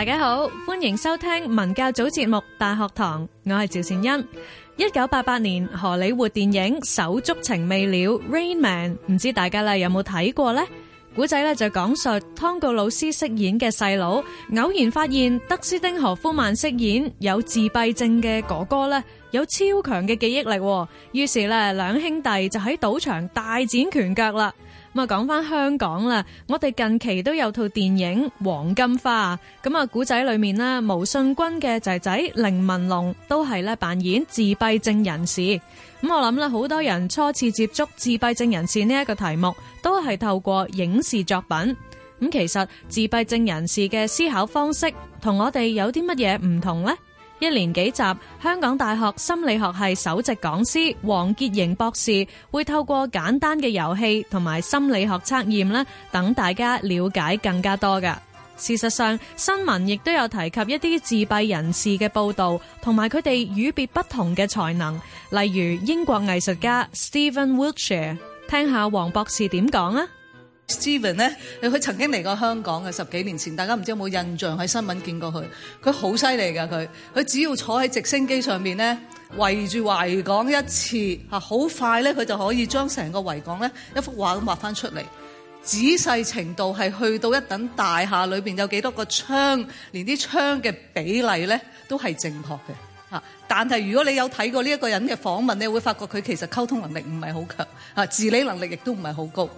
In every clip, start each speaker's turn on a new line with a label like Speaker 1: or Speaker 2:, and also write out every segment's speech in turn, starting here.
Speaker 1: 大家好，歡迎收聽文教組節目《大學堂》，我係趙善恩。一九八八年荷里活電影《手足情未了》（Rain Man），唔知大家咧有冇睇過呢？古仔咧就講述湯告魯斯飾演嘅細佬，偶然發現德斯汀荷夫曼飾演有自閉症嘅哥哥咧，有超強嘅記憶力，於是咧兩兄弟就喺賭場大展拳腳啦。咁啊，講翻香港啦，我哋近期都有套電影《黃金花》，咁啊，古仔裏面啦，毛信君嘅仔仔凌文龍都係咧扮演自閉症人士。咁我諗咧，好多人初次接觸自閉症人士呢一個題目，都係透過影視作品。咁其實自閉症人士嘅思考方式，同我哋有啲乜嘢唔同呢？一連幾集，香港大學心理學系首席講師黃傑瑩博士會透過簡單嘅遊戲同埋心理學測驗啦，等大家了解更加多嘅。事實上，新聞亦都有提及一啲自閉人士嘅報道，同埋佢哋與別不同嘅才能，例如英國藝術家 Stephen Wiltshire。聽下黃博士點講啊。Steven 咧，佢曾經嚟過香港嘅十幾年前，大
Speaker 2: 家唔知有冇印象喺新聞見過佢？佢好犀利㗎，佢佢只要坐喺直升機上面咧，圍住維港一次嚇，好快咧，佢就可以將成個維港咧一幅畫咁畫翻出嚟。仔細程度係去到一等大廈裏面有幾多個窗，連啲窗嘅比例咧都係正確嘅嚇。但係如果你有睇過呢一個人嘅訪問，你會發覺佢其實溝通能力唔係好強嚇，自理能力亦都唔係好高。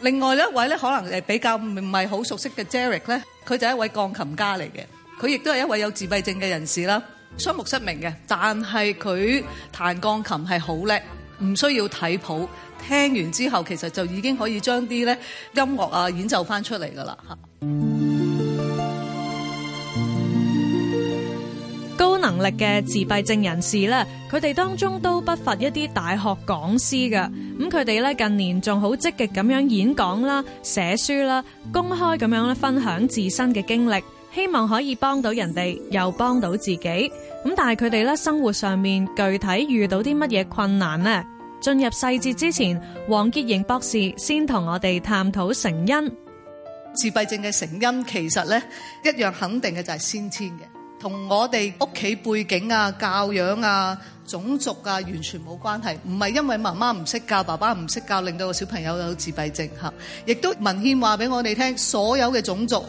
Speaker 2: 另外一位咧，可能誒比較唔係好熟悉嘅 Jerry 咧，佢就係一位鋼琴家嚟嘅，佢亦都係一位有自閉症嘅人士啦，雙目失明嘅，但係佢彈鋼琴係好叻，唔需要睇譜，聽完之後其實就已經可以將啲咧音樂啊演奏翻出嚟噶啦嚇
Speaker 1: 嘅自閉症人士咧，佢哋當中都不乏一啲大學講師㗎，咁佢哋咧近年仲好積極咁樣演講啦、寫書啦、公開咁樣咧分享自身嘅經歷，希望可以幫到人哋又幫到自己。咁但係佢哋咧生活上面具體遇到啲乜嘢困難呢？進入細節之前，黃潔瑩博士先同我哋探討成因。自閉症嘅成因其實咧
Speaker 2: 一樣肯定嘅就係先天嘅。同我哋屋企背景啊、教養啊、種族啊完全冇關係，唔係因為媽媽唔識教、爸爸唔識教，令到個小朋友有自閉症吓，亦都文獻話俾我哋聽所有嘅種族，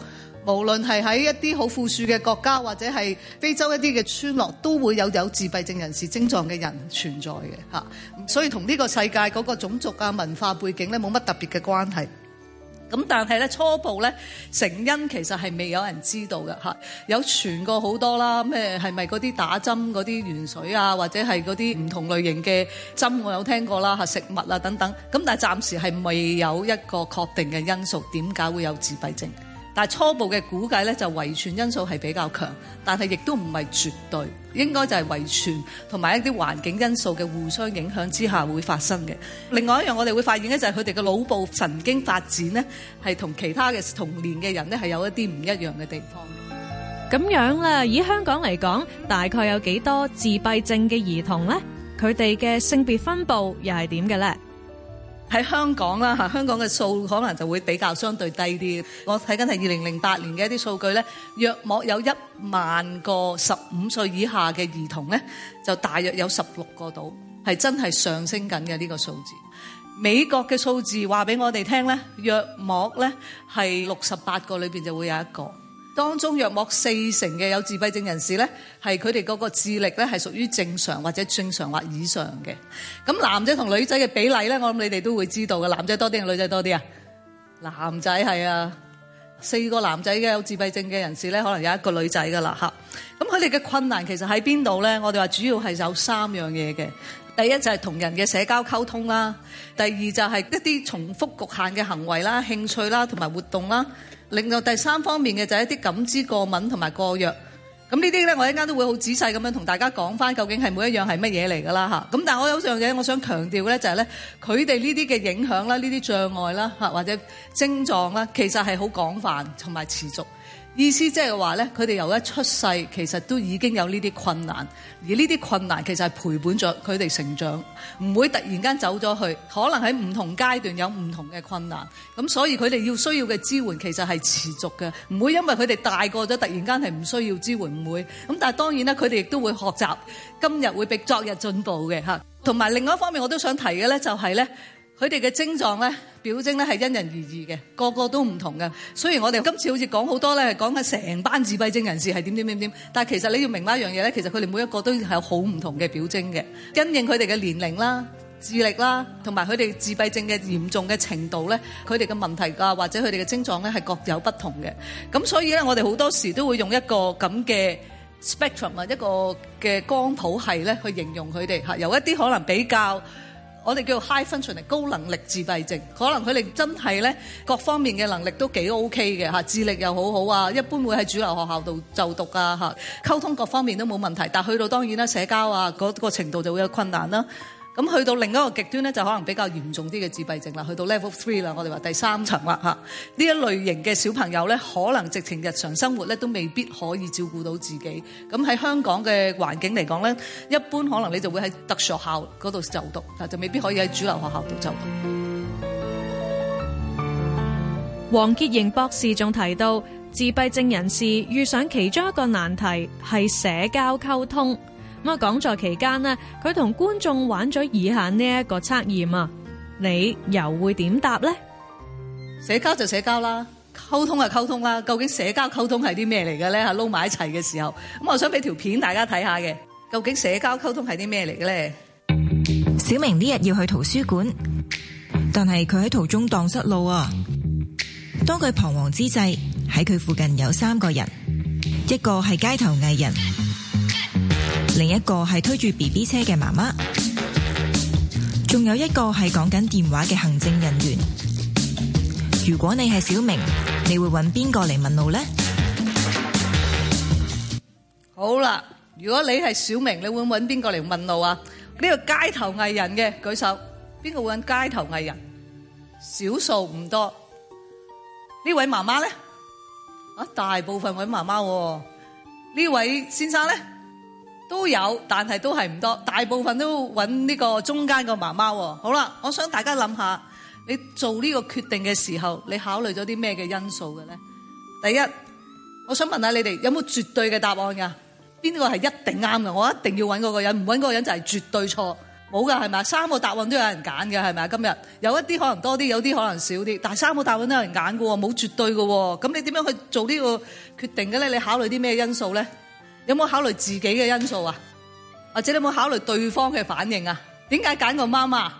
Speaker 2: 無論係喺一啲好富庶嘅國家，或者係非洲一啲嘅村落，都會有有自閉症人士症狀嘅人存在嘅吓，所以同呢個世界嗰個種族啊、文化背景咧冇乜特別嘅關係。咁但係咧，初步咧，成因其實係未有人知道嘅吓，有傳過好多啦，咩係咪嗰啲打針嗰啲元水啊，或者係嗰啲唔同類型嘅針我有聽過啦吓，食物啊等等，咁但係暫時係未有一個確定嘅因素點解會有自閉症。但係初步嘅估計咧，就遺傳因素係比較強，但係亦都唔係絕對，應該就係遺傳同埋一啲環境因素嘅互相影響之下會發生嘅。另外一樣我哋會發現咧，就係佢哋嘅腦部神經發展呢，係同其他嘅童年嘅人呢，係有一啲唔一樣嘅地方。
Speaker 1: 咁樣啦，以香港嚟講，大概有幾多自閉症嘅兒童呢？佢哋嘅性別分佈又係點嘅咧？喺香
Speaker 2: 港啦吓，香港嘅數可能就會比較相對低啲。我睇緊係二零零八年嘅一啲數據咧，約莫有一萬個十五歲以下嘅兒童咧，就大約有十六個度，係真係上升緊嘅呢個數字。美國嘅數字話俾我哋聽咧，約莫咧係六十八個裏邊就會有一個。當中約莫四成嘅有自閉症人士咧，係佢哋嗰個智力咧係屬於正常或者正常或以上嘅。咁男仔同女仔嘅比例咧，我諗你哋都會知道嘅。男仔多啲定女仔多啲啊？男仔係啊，四個男仔嘅有自閉症嘅人士咧，可能有一個女仔㗎喇吓。咁佢哋嘅困難其實喺邊度咧？我哋話主要係有三樣嘢嘅。第一就係同人嘅社交溝通啦，第二就係一啲重複局限嘅行為啦、興趣啦同埋活動啦。另外第三方面嘅就係一啲感知過敏同埋過弱，咁呢啲咧，我一間都會好仔細咁樣同大家講翻，究竟係每一樣係乜嘢嚟㗎啦嚇。咁但係我有一樣嘢我想強調嘅咧就係咧，佢哋呢啲嘅影響啦、呢啲障礙啦嚇或者症狀啦，其實係好廣泛同埋持續。意思即係話咧，佢哋由一出世其實都已經有呢啲困難，而呢啲困難其實係陪伴咗佢哋成長，唔會突然間走咗去。可能喺唔同階段有唔同嘅困難，咁所以佢哋要需要嘅支援其實係持續嘅，唔會因為佢哋大個咗突然間係唔需要支援，唔會。咁但係當然啦，佢哋亦都會學習，今日會比昨日進步嘅嚇。同埋另外一方面，我都想提嘅咧就係咧。佢哋嘅症狀咧，表徵咧係因人而異嘅，個個都唔同嘅。雖然我哋今次好似講好多咧，講緊成班自閉症人士係點點點點，但係其實你要明白一樣嘢咧，其實佢哋每一個都係有好唔同嘅表徵嘅，因應佢哋嘅年齡啦、智力啦，同埋佢哋自閉症嘅嚴重嘅程度咧，佢哋嘅問題啊，或者佢哋嘅症狀咧係各有不同嘅。咁所以咧，我哋好多時都會用一個咁嘅 spectrum 啊，一個嘅光譜系咧，去形容佢哋吓，由一啲可能比較。我哋叫 high functioning 高能力自閉症，可能佢哋真係呢各方面嘅能力都幾 OK 嘅，智力又好好啊，一般會喺主流學校度就讀啊，溝通各方面都冇問題，但去到當然啦社交啊嗰個程度就會有困難啦。咁去到另一個極端咧，就可能比較嚴重啲嘅自閉症啦，去到 level three 啦，我哋話第三層啦，吓，呢一類型嘅小朋友咧，可能直情日常生活咧都未必可以照顧到自己。咁喺香港嘅環境嚟講咧，一般可能你就會喺特殊學校嗰度就讀，啊，就未必可以喺主流學校度就讀。
Speaker 1: 黃潔瑩博士仲提到，自閉症人士遇上其中一個難題係社交溝通。咁啊，講座期間呢，佢同觀眾玩咗以下呢一個測驗啊，你又會點答呢？社交就社交啦，溝通啊溝通啦，究竟社交溝
Speaker 2: 通係啲咩嚟嘅咧？吓，撈埋一齊嘅時候，咁我想俾條片大家睇下嘅，究竟社交溝通係啲咩嚟嘅咧？
Speaker 1: 小明呢日要去圖書館，但係
Speaker 2: 佢喺途中蕩失路啊。當佢彷徨之際，喺佢附近有三個人，一個係街頭藝人。另一個係推住 BB 車嘅媽媽，仲有一個係講緊電話嘅行政人員。如果你係小明，你會搵邊個嚟問路咧？好啦，如果你係小明，你會搵邊個嚟問路啊？呢個街頭藝人嘅舉手，邊個會搵街頭藝人？少數唔多。呢位媽媽咧？啊，大部分搵媽媽喎。呢位先生咧？都有，但係都係唔多，大部分都搵呢個中間個媽媽喎。好啦，我想大家諗下，你做呢個決定嘅時候，你考慮咗啲咩嘅因素嘅咧？第一，我想問下你哋有冇絕對嘅答案㗎？邊個係一定啱嘅？我一定要搵嗰個人，唔搵嗰個人就係絕對錯，冇㗎，係咪？三個答案都有人揀嘅係咪啊？今日有一啲可能多啲，有啲可能少啲，但係三個答案都有人揀㗎喎，冇絕對嘅喎。咁你點樣去做呢個決定嘅咧？你考慮啲咩因素咧？有冇考慮自己嘅因素啊？或者你有冇考慮對方嘅反應啊？點解揀個媽媽？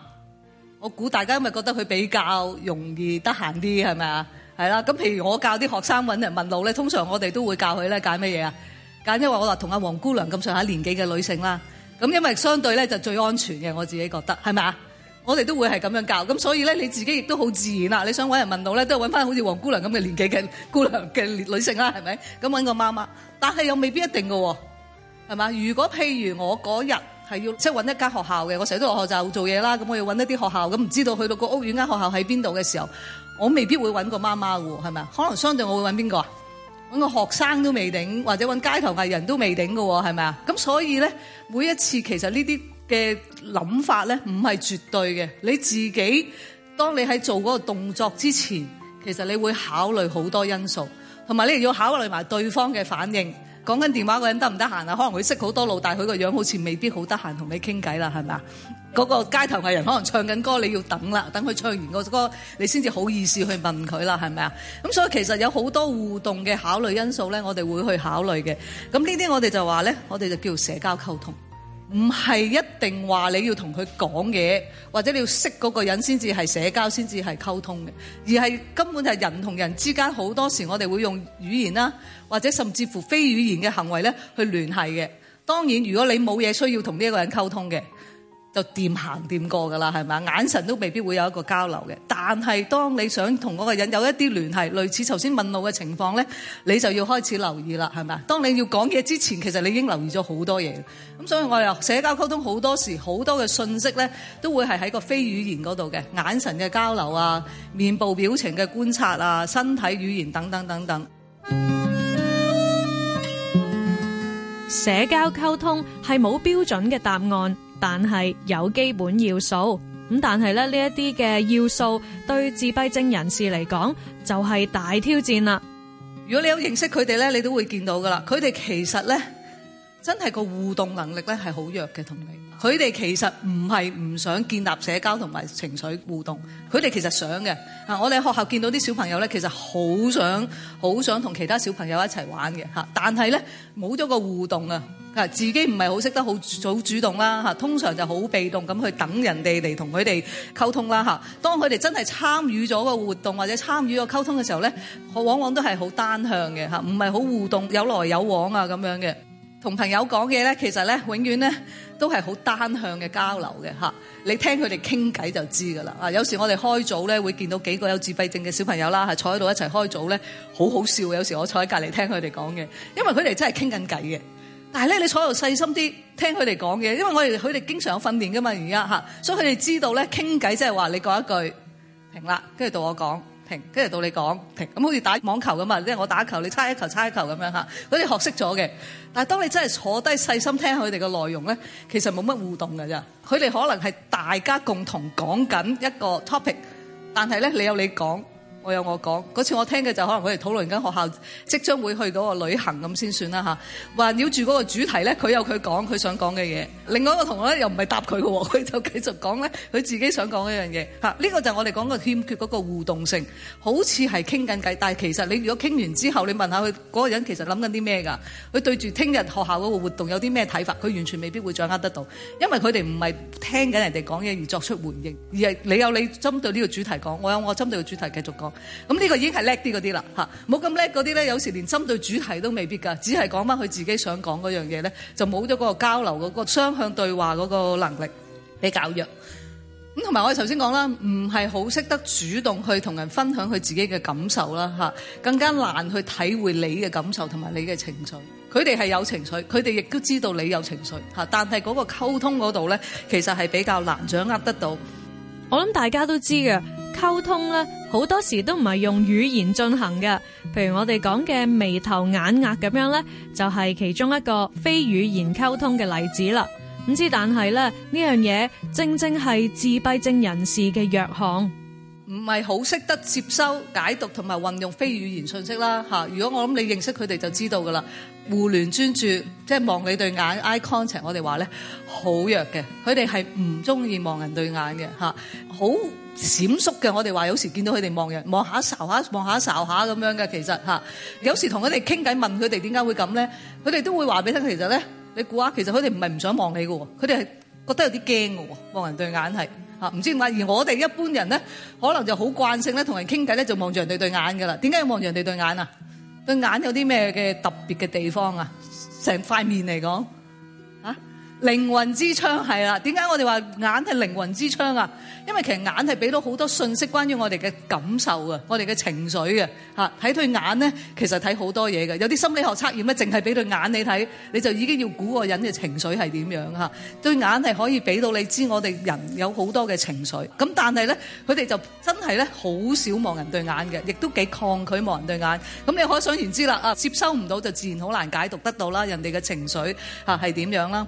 Speaker 2: 我估大家因為覺得佢比較容易得閒啲，係咪啊？係啦，咁譬如我教啲學生揾人問路咧，通常我哋都會教佢咧揀乜嘢啊？揀，因為我話同阿黃姑娘咁上下年紀嘅女性啦，咁因為相對咧就最安全嘅，我自己覺得係咪啊？是我哋都會係咁樣教，咁所以咧你自己亦都好自然啦。你想搵人問路咧，都係搵翻好似黃姑娘咁嘅年紀嘅姑娘嘅女性啦，係咪？咁搵個媽媽，但係又未必一定嘅喎，係嘛？如果譬如我嗰日係要即係揾一間學校嘅，我成日都落學就做嘢啦，咁我要搵一啲學校，咁唔知道去到個屋苑間、那個、學校喺邊度嘅時候，我未必會搵個媽媽喎，係咪？可能相對我會搵邊個啊？揾個學生都未定，或者搵街頭藝人都未定嘅喎，係咪啊？咁所以咧，每一次其實呢啲。嘅諗法咧，唔係絕對嘅。你自己當你喺做嗰個動作之前，其實你會考慮好多因素，同埋你要考慮埋對方嘅反應。講緊電話嗰個人得唔得閒啊？可能佢識好多路，但佢個樣好似未必好得閒同你傾偈啦，係咪啊？嗰、嗯嗰個街頭藝人可能唱緊歌，歌，你要等啦，等佢唱完個歌，你先至好意思去問佢啦，係咪啊？咁所以其實有好多互動嘅考慮因素咧，我哋會去考慮嘅。咁呢啲我哋就話咧，我哋就叫社交溝通。唔係一定話你要同佢講嘢，或者你要識嗰個人先至係社交，先至係溝通嘅，而係根本係人同人之間好多時我哋會用語言啦，或者甚至乎非語言嘅行為咧去聯繫嘅。當然，如果你冇嘢需要同呢一個人溝通嘅。就掂行掂過噶啦，係咪？眼神都未必會有一個交流嘅。但係當你想同嗰個人有一啲聯繫，類似頭先問路嘅情況呢，你就要開始留意啦，係咪？當你要講嘢之前，其實你已經留意咗好多嘢。咁所以我又社交溝通好多時，好多嘅信息呢，都會係喺個非語言嗰度嘅眼神嘅交流啊，面部表情嘅觀察啊，身體語言等等等等。
Speaker 1: 社交溝通係冇標準嘅答案。但係有基本要素，咁但係咧呢一啲嘅要素對自閉症人士嚟講就係大挑戰啦。如果你有認識佢哋咧，你都會見到噶啦。佢哋其實咧真係個互動能力咧係好弱嘅，
Speaker 2: 同你佢哋其實唔係唔想建立社交同埋情緒互動，佢哋其實想嘅。啊，我哋學校見到啲小朋友咧，其實好想好想同其他小朋友一齊玩嘅吓，但係咧冇咗個互動啊。嗱，自己唔係好識得好好主動啦嚇，通常就好被動咁去等人哋嚟同佢哋溝通啦嚇。當佢哋真係參與咗個活動或者參與個溝通嘅時候咧，往往都係好單向嘅嚇，唔係好互動，有來有往啊咁樣嘅。同朋友講嘢咧，其實咧永遠咧都係好單向嘅交流嘅嚇。你聽佢哋傾偈就知㗎啦。啊，有時我哋開組咧會見到幾個有自閉症嘅小朋友啦嚇，坐喺度一齊開組咧，好好笑。有時我坐喺隔離聽佢哋講嘅，因為佢哋真係傾緊偈嘅。但係咧，你坐喺度細心啲聽佢哋講嘅，因為我哋佢哋經常有訓練噶嘛，而家嚇，所以佢哋知道咧傾偈即係話你講一句停啦，跟住到我講停，跟住到你講停，咁好似打網球咁嘛，即係我打球你猜一球猜一球咁樣嚇，佢哋學識咗嘅。但係當你真係坐低細心聽佢哋嘅內容咧，其實冇乜互動㗎啫。佢哋可能係大家共同講緊一個 topic，但係咧你有你講，我有我講，嗰次我聽嘅就可能佢哋討論緊學校即將會去嗰個旅行咁先算啦嚇。環繞住嗰個主題咧，佢有佢講佢想講嘅嘢。另外一個同學咧又唔係答佢嘅喎，佢就繼續講咧佢自己想講一樣嘢嚇。呢、這個就係我哋講嘅欠缺嗰個互動性，好似係傾緊偈，但係其實你如果傾完之後，你問下佢嗰、那個人其實諗緊啲咩㗎？佢對住聽日學校嗰個活動有啲咩睇法？佢完全未必會掌握得到，因為佢哋唔係聽緊人哋講嘢而作出回應，而係你有你針對呢個主題講，我有我針對個主題繼續講。咁呢個已經係叻啲嗰啲啦，吓冇咁叻嗰啲咧，有時連針對主題都未必噶，只係講翻佢自己想講嗰樣嘢咧，就冇咗嗰個交流嗰個雙向對話嗰個能力，比較弱。咁同埋我哋頭先講啦，唔係好識得主動去同人分享佢自己嘅感受啦，吓更加難去體會你嘅感受同埋你嘅情緒。佢哋係有情緒，佢哋亦都知道你有情緒吓，但係嗰個溝
Speaker 1: 通嗰度咧，其實係比較難掌握得到。我諗大家都知嘅。溝通咧，好多時都唔係用語言進行嘅，譬如我哋講嘅眉頭眼額咁樣咧，就係其中一個非語言溝通嘅例子啦。唔知但係咧，呢樣嘢正正係自閉症人士嘅弱項。
Speaker 2: 唔係好識得接收、解讀同埋運用非語言訊息啦嚇。如果我諗你認識佢哋就知道㗎啦。互聯專注，即係望你對眼 eye contact，我哋話咧好弱嘅。佢哋係唔中意望人對眼嘅嚇，好閃縮嘅。我哋話有時見到佢哋望人，望下一睄下，望下一睄下咁樣嘅其實嚇。有時同佢哋傾偈問佢哋點解會咁咧？佢哋都會話俾你聽。其實咧，你估下其實佢哋唔係唔想望你嘅喎，佢哋係覺得有啲驚嘅喎，望人對眼係。嚇，唔知點解？而我哋一般人咧，可能就好慣性咧，同人傾偈咧，就望住人哋對，對眼噶啦。點解望住人哋對，對眼啊？對眼有啲咩嘅特別嘅地方啊？成塊面嚟講。靈魂之窗係啦，點解我哋話眼係靈魂之窗啊？因為其實眼係俾到好多信息關於我哋嘅感受啊，我哋嘅情緒啊。嚇，睇對眼咧，其實睇好多嘢嘅。有啲心理學測驗咧，淨係俾對眼你睇，你就已經要估個人嘅情緒係點樣嚇。對眼係可以俾到你知，我哋人有好多嘅情緒。咁但係咧，佢哋就真係咧，好少望人對眼嘅，亦都幾抗拒望人對眼。咁你可想而知啦啊，接收唔到就自然好難解讀得到啦，人哋嘅情緒嚇係點樣啦。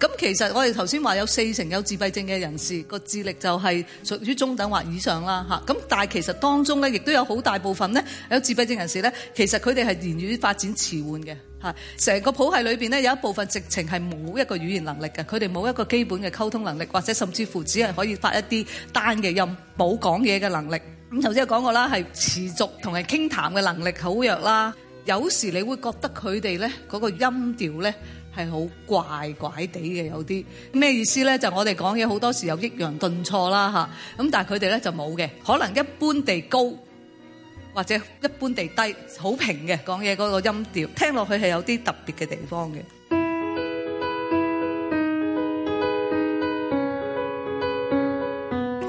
Speaker 2: 咁其實我哋頭先話有四成有自閉症嘅人士個智力就係屬於中等或以上啦嚇。咁但係其實當中咧，亦都有好大部分咧有自閉症人士咧，其實佢哋係言語發展遲緩嘅嚇。成個譜系裏邊咧，有一部分直情係冇一個語言能力嘅，佢哋冇一個基本嘅溝通能力，或者甚至乎只係可以發一啲單嘅音，冇講嘢嘅能力。咁頭先講過啦，係持續同人傾談嘅能力好弱啦。有時你會覺得佢哋咧嗰個音調咧。係好怪怪地嘅，有啲咩意思咧？就我哋講嘢好多時有抑揚頓挫啦吓，咁但係佢哋咧就冇嘅，可能一般地高或者一般地低，好平嘅講嘢嗰個音調，聽落去係有啲特別嘅地方嘅。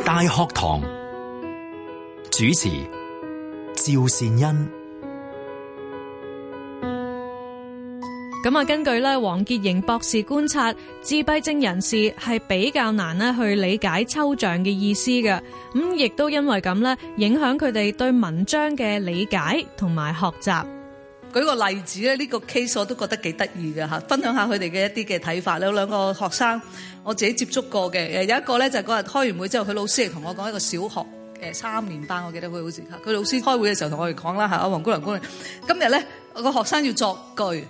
Speaker 1: 大學堂主持趙善恩。咁啊，根據咧，黃潔瑩博士觀察，自閉症人士係比較難咧去理解抽象嘅意思嘅，咁亦都因為咁咧，影響佢哋對文章嘅理解同埋學習。
Speaker 2: 舉個例子咧，呢個 case 我都覺得幾得意嘅吓，分享下佢哋嘅一啲嘅睇法，有兩個學生，我自己接觸過嘅，誒，有一個咧就嗰日開完會之後，佢老師嚟，同我講一個小學誒三年班，我記得佢好似吓，佢老師開會嘅時候同我哋講啦吓，阿黃姑娘姑娘，今日咧我個學生要作句。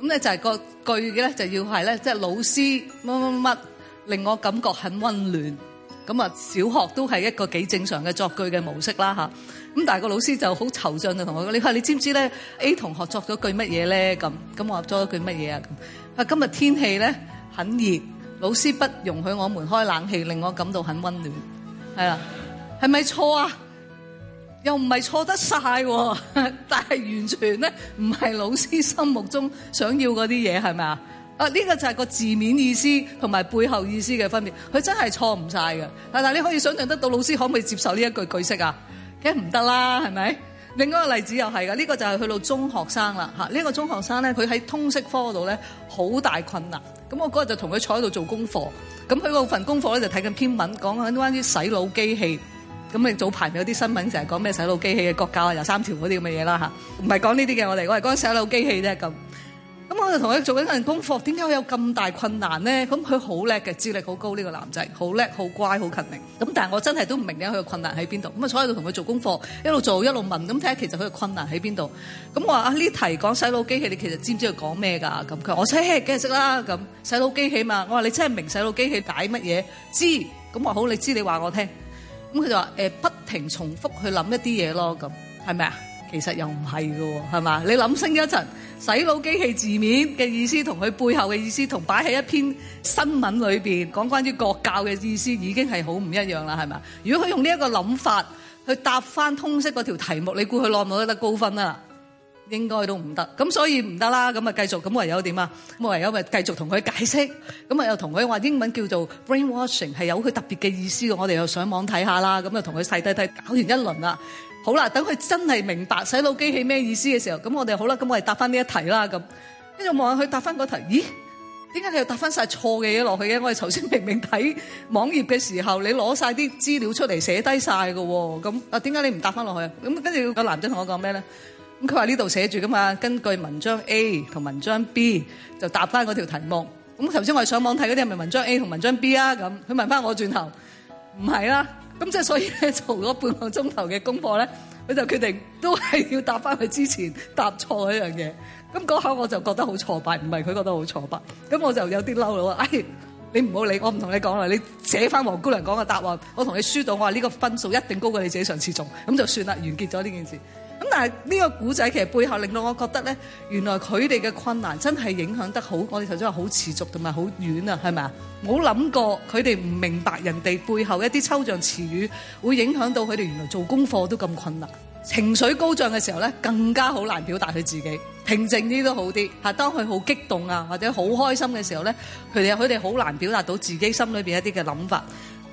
Speaker 2: 咁咧就係個句嘅咧就要係咧，即係老師乜乜乜令我感覺很温暖。咁啊，小學都係一個幾正常嘅作句嘅模式啦吓。咁但係個老師就好惆悵，就同我講，你話你知唔知咧？A 同學作咗句乜嘢咧？咁咁我作咗句乜嘢啊？啊，今日天氣咧很熱，老師不容許我們開冷氣，令我感到很溫暖。係啊，係咪錯啊？又唔係錯得晒喎，但係完全咧唔係老師心目中想要嗰啲嘢，係咪啊？啊、這、呢個就係個字面意思同埋背後意思嘅分別。佢真係錯唔晒嘅。但係你可以想象得到老師可唔可以接受呢一句句式啊？梗唔得啦，係咪？另外一個例子又係㗎。呢、這個就係去到中學生啦呢、這個中學生咧，佢喺通識科嗰度咧好大困難。咁我嗰日就同佢坐喺度做功課。咁佢嗰份功課咧就睇緊篇文，講緊關於洗腦機器。咁你早排有啲新聞成日講咩洗腦機器嘅國教啊、有三條嗰啲咁嘅嘢啦吓，唔係講呢啲嘅我哋，我係講洗腦機器啫咁。咁我就同佢做緊份功課，點解會有咁大困難呢？咁佢好叻嘅，智力好高呢個男仔，好叻、好乖、好勤力。咁但係我真係都唔明咧，佢嘅困難喺邊度？咁啊，坐喺度同佢做功課，一路做一路問，咁睇下其實佢嘅困難喺邊度。咁我話啊，呢題講洗腦機器，你其實知唔知佢講咩㗎？咁佢話我嘿，梗係識啦。咁洗腦機器嘛，我話你真係明洗腦機器解乜嘢？知咁話好，你知你話我聽。咁佢就話，呃，不停重複去諗一啲嘢咯，咁係咪啊？其實又唔係㗎喎，係嘛？你諗深一層，洗腦機器字面嘅意思同佢背後嘅意思，同擺喺一篇新聞裏面講關於國教嘅意思，已經係好唔一樣啦，係嘛？如果佢用呢一個諗法去答翻通識嗰條題目，你估佢攞唔攞得高分啊？應該都唔得，咁所以唔得啦。咁啊，繼續咁唯有點啊？唯有咪繼續同佢解釋咁啊，又同佢話英文叫做 brainwashing 係有佢特別嘅意思。我哋又上網睇下啦。咁啊，同佢細細細搞完一輪啦。好啦，等佢真係明白洗腦機器咩意思嘅時候，咁我哋好啦，咁我哋答翻呢一題啦。咁跟住望下佢答翻嗰題，咦？點解你又答翻曬錯嘅嘢落去嘅？我哋頭先明明睇網頁嘅時候，你攞曬啲資料出嚟寫低曬嘅喎。咁啊，點解你唔答翻落去啊？咁跟住個男仔同我講咩咧？咁佢話呢度寫住噶嘛？根據文章 A 同文章 B 就答翻嗰條題目。咁頭先我哋上網睇嗰啲係咪文章 A 同文章 B 啊？咁佢問翻我轉頭，唔係啦。咁即係所以咧，做咗半個鐘頭嘅功課咧，佢就決定都係要答翻佢之前答錯一樣嘢。咁嗰刻我就覺得好挫敗，唔係佢覺得好挫敗。咁我就有啲嬲咯。唉、哎，你唔好理我，唔同你講啦。你寫翻黃姑娘講嘅答案，我同你輸到。我話呢個分數一定高過你自己上次中。咁就算啦，完結咗呢件事。咁但係呢個故仔其實背後令到我覺得咧，原來佢哋嘅困難真係影響得好，我哋頭先話好持續同埋好遠啊，係咪啊？冇諗過佢哋唔明白人哋背後一啲抽象詞語，會影響到佢哋原來做功課都咁困難。情緒高漲嘅時候咧，更加好難表達佢自己，平靜啲都好啲。嚇，當佢好激動啊，或者好開心嘅時候咧，佢哋佢哋好難表達到自己心裏面一啲嘅諗法。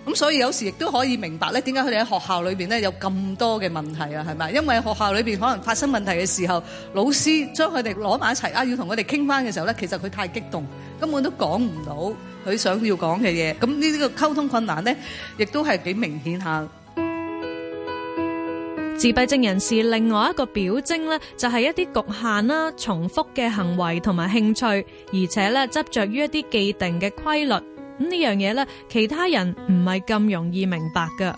Speaker 2: 咁所以有時亦都可以明白咧，點解佢哋喺學校裏邊咧，有咁多嘅問題啊？係咪？因為學校裏邊可能發生問題嘅時候，老師將佢哋攞埋一齊啊，要同佢哋傾翻嘅時候咧，其實佢太激動，根本都講唔到佢想要
Speaker 1: 講嘅嘢。咁呢啲個溝通困難咧，亦都係幾明顯下。自閉症人士另外一個表徵咧，就係一啲侷限啦、重複嘅行為同埋興趣，而且咧執著於一啲既定嘅規律。咁呢樣嘢咧，其他人唔係咁容易明白噶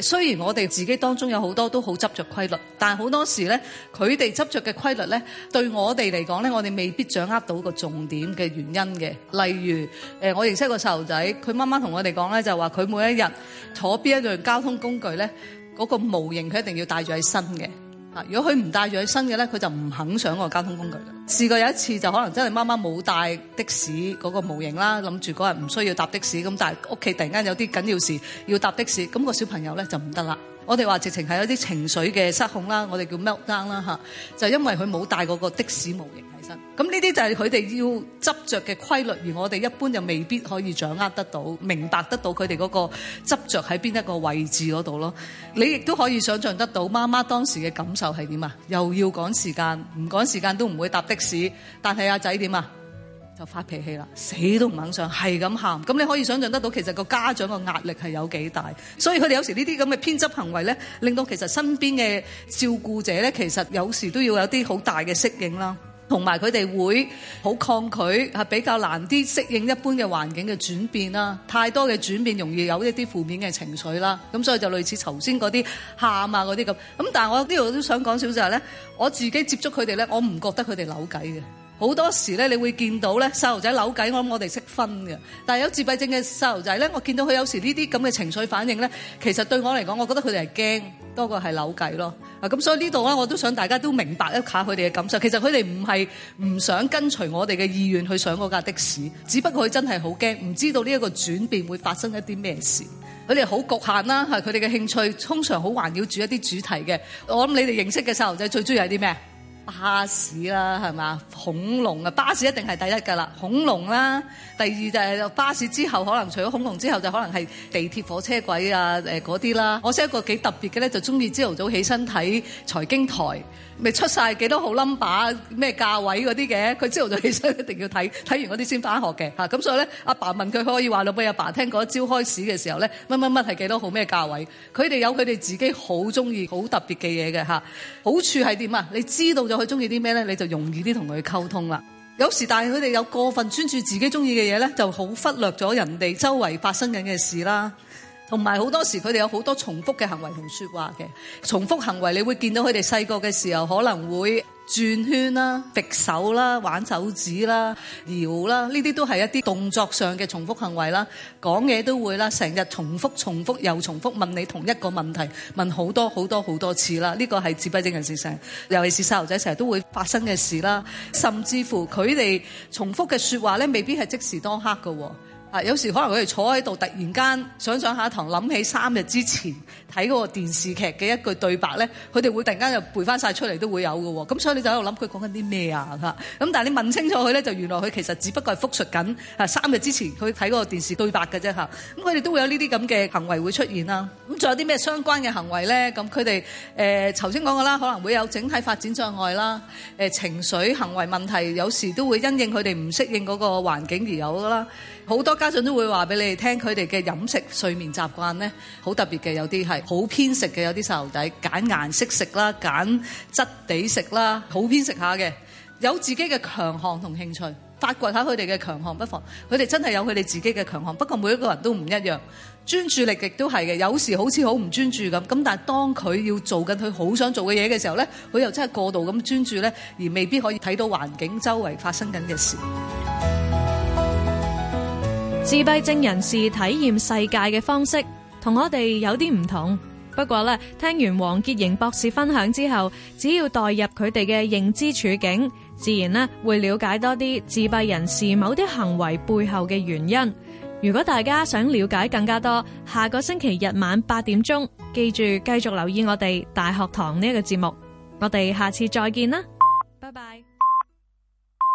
Speaker 1: 雖然我哋自己當中有好多都好執着規律，但係好多時咧，佢哋執着嘅規律咧，對
Speaker 2: 我哋嚟講咧，我哋未必掌握到個重點嘅原因嘅。例如，誒，我認識個細路仔，佢媽媽同我哋講咧，就話佢每一日坐邊一樣交通工具咧，嗰個模型佢一定要帶住喺身嘅。啊！如果佢唔帶住佢新嘅，呢佢就唔肯上個交通工具了。試過有一次就可能真係媽媽冇帶的士嗰個模型啦，諗住嗰日唔需要搭的士，咁但係屋企突然間有啲緊要事要搭的士，咁、個小朋友呢就唔得啦。我哋話直情係有啲情緒嘅失控啦，我哋叫 meltdown 啦嚇，就因為佢冇帶嗰個的士模型起身。咁呢啲就係佢哋要執着嘅規律，而我哋一般就未必可以掌握得到、明白得到佢哋嗰個執着喺邊一個位置嗰度咯。你亦都可以想像得到，媽媽當時嘅感受係點啊？又要趕時間，唔趕時間都唔會搭的士，但係阿仔點啊？就發脾氣啦，死都唔肯上，係咁喊。咁你可以想象得到，其實個家長個壓力係有幾大。所以佢哋有時呢啲咁嘅偏執行為咧，令到其實身邊嘅照顧者咧，其實有時都要有啲好大嘅適應啦。同埋佢哋會好抗拒，係比較難啲適應一般嘅環境嘅轉變啦。太多嘅轉變容易有一啲負面嘅情緒啦。咁所以就類似頭先嗰啲喊啊嗰啲咁。咁但係我呢度都想講少少咧，我自己接觸佢哋咧，我唔覺得佢哋扭計嘅。好多時咧，你會見到咧，細路仔扭計，我諗我哋識分嘅。但係有自閉症嘅細路仔咧，我見到佢有時呢啲咁嘅情緒反應咧，其實對我嚟講，我覺得佢哋係驚多過係扭計咯。啊，咁所以呢度咧，我都想大家都明白一下佢哋嘅感受。其實佢哋唔係唔想跟隨我哋嘅意願去上嗰架的士，只不過佢真係好驚，唔知道呢一個轉變會發生一啲咩事。佢哋好局限啦，佢哋嘅興趣通常好環繞住一啲主題嘅。我諗你哋認識嘅細路仔最中意係啲咩？巴士啦，係嘛？恐龍啊，巴士一定係第一噶啦。恐龍啦，第二就係巴士之後，可能除咗恐龍之後，就可能係地鐵、火車軌啊，誒嗰啲啦。我識一個幾特別嘅咧，就中意朝頭早起身睇財經台，咪出晒幾多號 number，咩價位嗰啲嘅。佢朝頭早起身一定要睇，睇完嗰啲先返學嘅吓。咁、啊、所以咧，阿爸，爸問佢可以話落俾阿爸聽嗰朝開市嘅時候咧，乜乜乜係幾多號咩價位？佢哋有佢哋自己好中意、好特別嘅嘢嘅吓。好處係點啊？你知道咗。佢中意啲咩咧，你就容易啲同佢溝通啦。有時，但係佢哋有過分專注自己中意嘅嘢咧，就好忽略咗人哋周圍發生緊嘅事啦。同埋好多時佢哋有好多重複嘅行為同說話嘅重複行為，你會見到佢哋細個嘅時候可能會轉圈啦、揼手啦、玩手指啦、搖啦，呢啲都係一啲動作上嘅重複行為啦。講嘢都會啦，成日重複、重複、重複又重複問你同一個問題，問好多好多好多次啦。呢、這個係自閉症人士成日，尤其是細路仔成日都會發生嘅事啦。甚至乎佢哋重複嘅說話咧，未必係即時當刻嘅。啊！有時可能佢哋坐喺度，突然間想上下堂，諗起三日之前。睇嗰個電視劇嘅一句對白咧，佢哋會突然間就背翻晒出嚟，都會有嘅喎，咁所以你就喺度諗佢講緊啲咩啊嚇，咁但係你問清楚佢咧，就原來佢其實只不過係復述緊啊三日之前佢睇嗰個電視對白嘅啫嚇，咁佢哋都會有呢啲咁嘅行為會出現啦。咁仲有啲咩相關嘅行為咧？咁佢哋誒頭先講嘅啦，可能會有整體發展障礙啦，誒情緒行為問題，有時都會因應佢哋唔適應嗰個環境而有啦。好多家長都會話俾你哋聽，佢哋嘅飲食睡眠習慣咧，好特別嘅，有啲係。好偏食嘅，有啲細路仔揀顏色食啦，揀質地食啦，好偏食下嘅。有自己嘅強項同興趣，發掘下佢哋嘅強項不妨。佢哋真係有佢哋自己嘅強項，不過每一個人都唔一樣。專注力亦都係嘅，有時好似好唔專注咁。咁但係當佢要做緊佢好想做嘅嘢嘅時候咧，佢又真係過度咁專注咧，而未必可以睇到環境周圍發生緊嘅事。
Speaker 1: 自閉症人士體驗世界嘅方式，同我哋有啲唔同，不過咧，聽完黃潔瑩博士分享之後，只要代入佢哋嘅認知處境，自然咧會了解多啲自閉人士某啲行為背後嘅原因。如果大家想了解更加多，下個星期日晚八點鐘，記住繼續留意我哋大學堂呢個節目，我哋下次再見啦。